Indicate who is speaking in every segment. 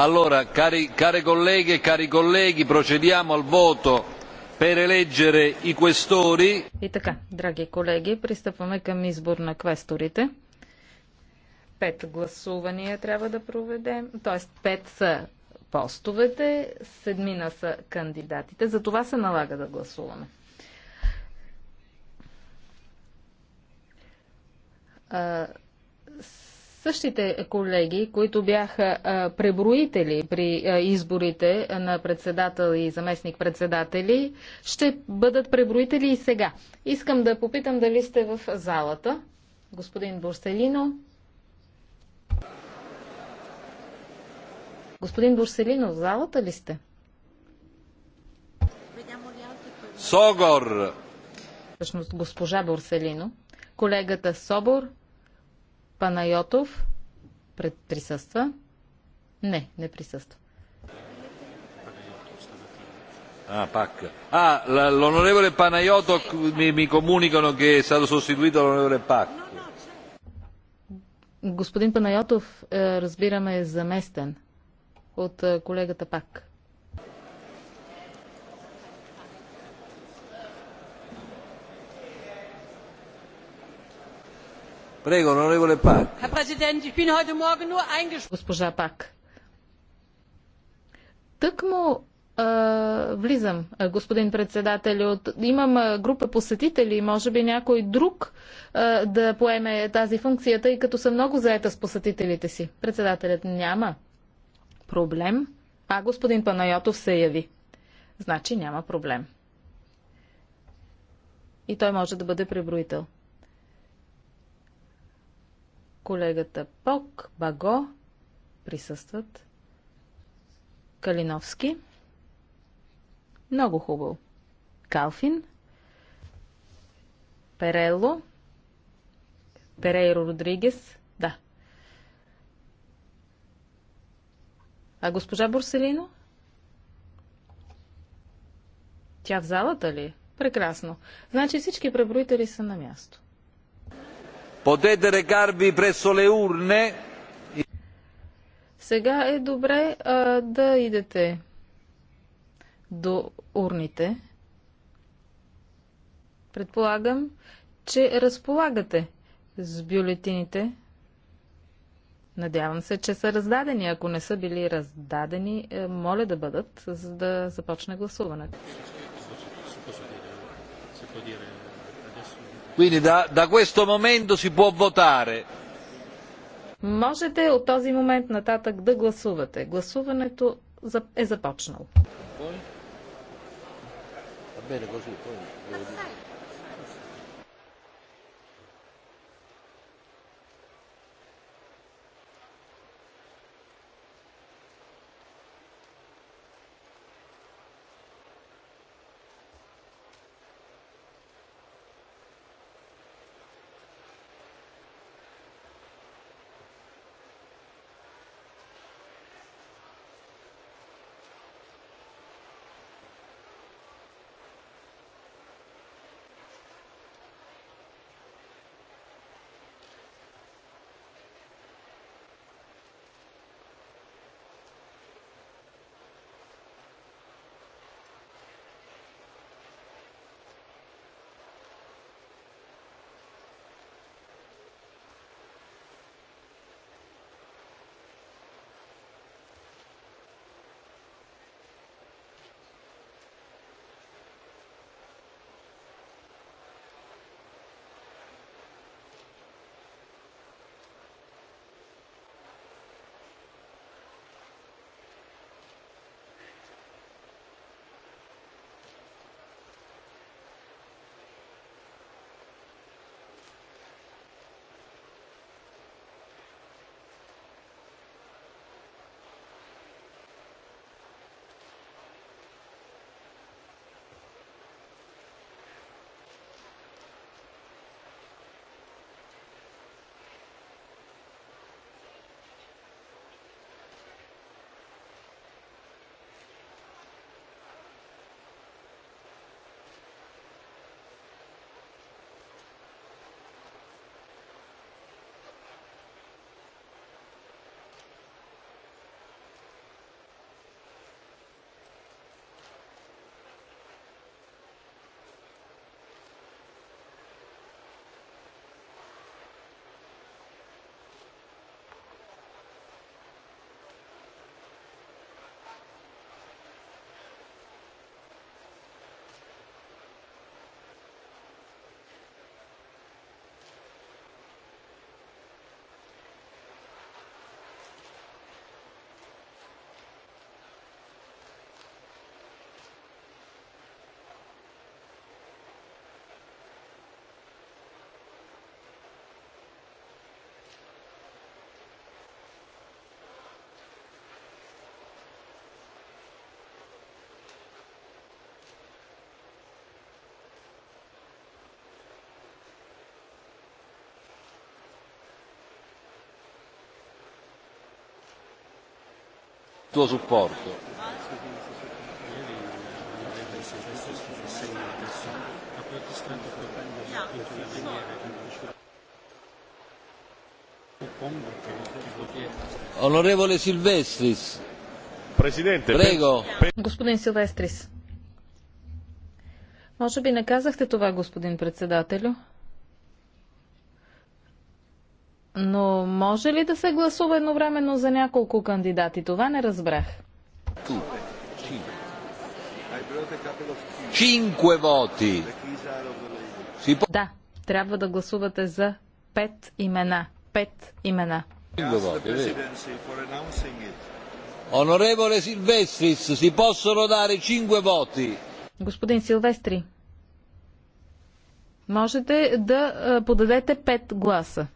Speaker 1: Allora, care colleghe e cari colleghi, procediamo al voto per eleggere i questori.
Speaker 2: И така, драги колеги, пристъпваме към избор на квесторите. Пет гласувания трябва да проведем, т.е. пет са постовете, седмина са кандидатите. За това се налага да гласуваме. А, същите колеги, които бяха преброители при изборите на председател и заместник-председатели, ще бъдат преброители и сега. Искам да попитам дали сте в залата. Господин Борселино. Господин Борселино, в залата ли сте?
Speaker 1: Согор!
Speaker 2: Всъщност госпожа Борселино. Колегата Собор Панайотов пред, присъства? Не, не присъства.
Speaker 1: А, пак. А, l'onorevole Панайотов ми ми comunicano че е stato sostituito l'onorevole Пак.
Speaker 2: Господин Панайотов, е, разбираме, е заместен от е, колегата Пак.
Speaker 1: Herr
Speaker 2: Präsident, ich bin heute Morgen nur
Speaker 1: Госпожа Пак.
Speaker 2: Тъкмо влизам, господин председател. Имам група посетители, може би някой друг да поеме тази функция, тъй като съм много заета с посетителите си. Председателят няма проблем, а господин Панайотов се яви. Значи няма проблем. И той може да бъде преброител колегата Пок, Баго присъстват. Калиновски. Много хубаво. Калфин. Перело. Перейро Родригес. Да. А госпожа Борселино? Тя в залата ли? Прекрасно. Значи всички преброители са на място.
Speaker 1: Potete recarvi presso le urne.
Speaker 2: Сега е добре а, да идете до урните. Предполагам, че разполагате с бюлетините. Надявам се, че са раздадени. Ако не са били раздадени, е, моля да бъдат, за да започне гласуването.
Speaker 1: Quindi da, da questo momento si può votare.
Speaker 2: Можете от този момент нататък да гласувате. Гласуването е започнало.
Speaker 1: tuo supporto. Onorevole Silvestris. Президенте, Прего.
Speaker 2: Господин Силвестрис. Може би не казахте това, господин председателю. Но може ли да се гласува едновременно за няколко кандидати? Това не разбрах.
Speaker 1: Cinque воти. Да,
Speaker 2: трябва да гласувате за пет имена. Пет имена.
Speaker 1: Onorevole Silvestris, si possono dare 5 voti.
Speaker 2: Господин Силвестри, можете да подадете пет гласа.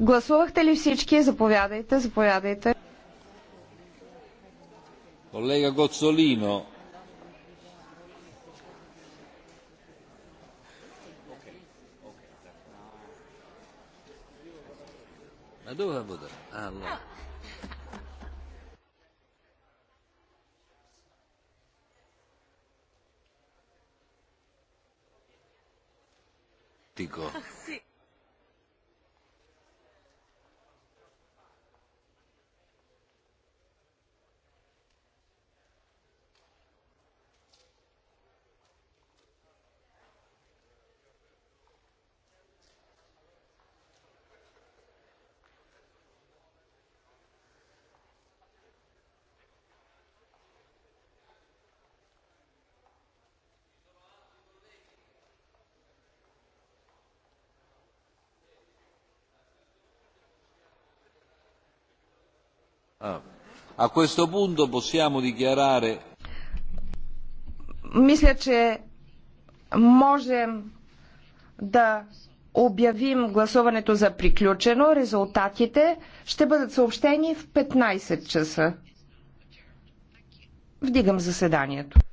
Speaker 2: Гласувахте ли всички? Заповядайте, заповядайте.
Speaker 1: Колега Гоцолино. Ma dove va a votare? Ah, Merci. А ah. questo punto possiamo dichiarare...
Speaker 2: Мисля, че можем да обявим гласуването за приключено. Резултатите ще бъдат съобщени в 15 часа. Вдигам заседанието.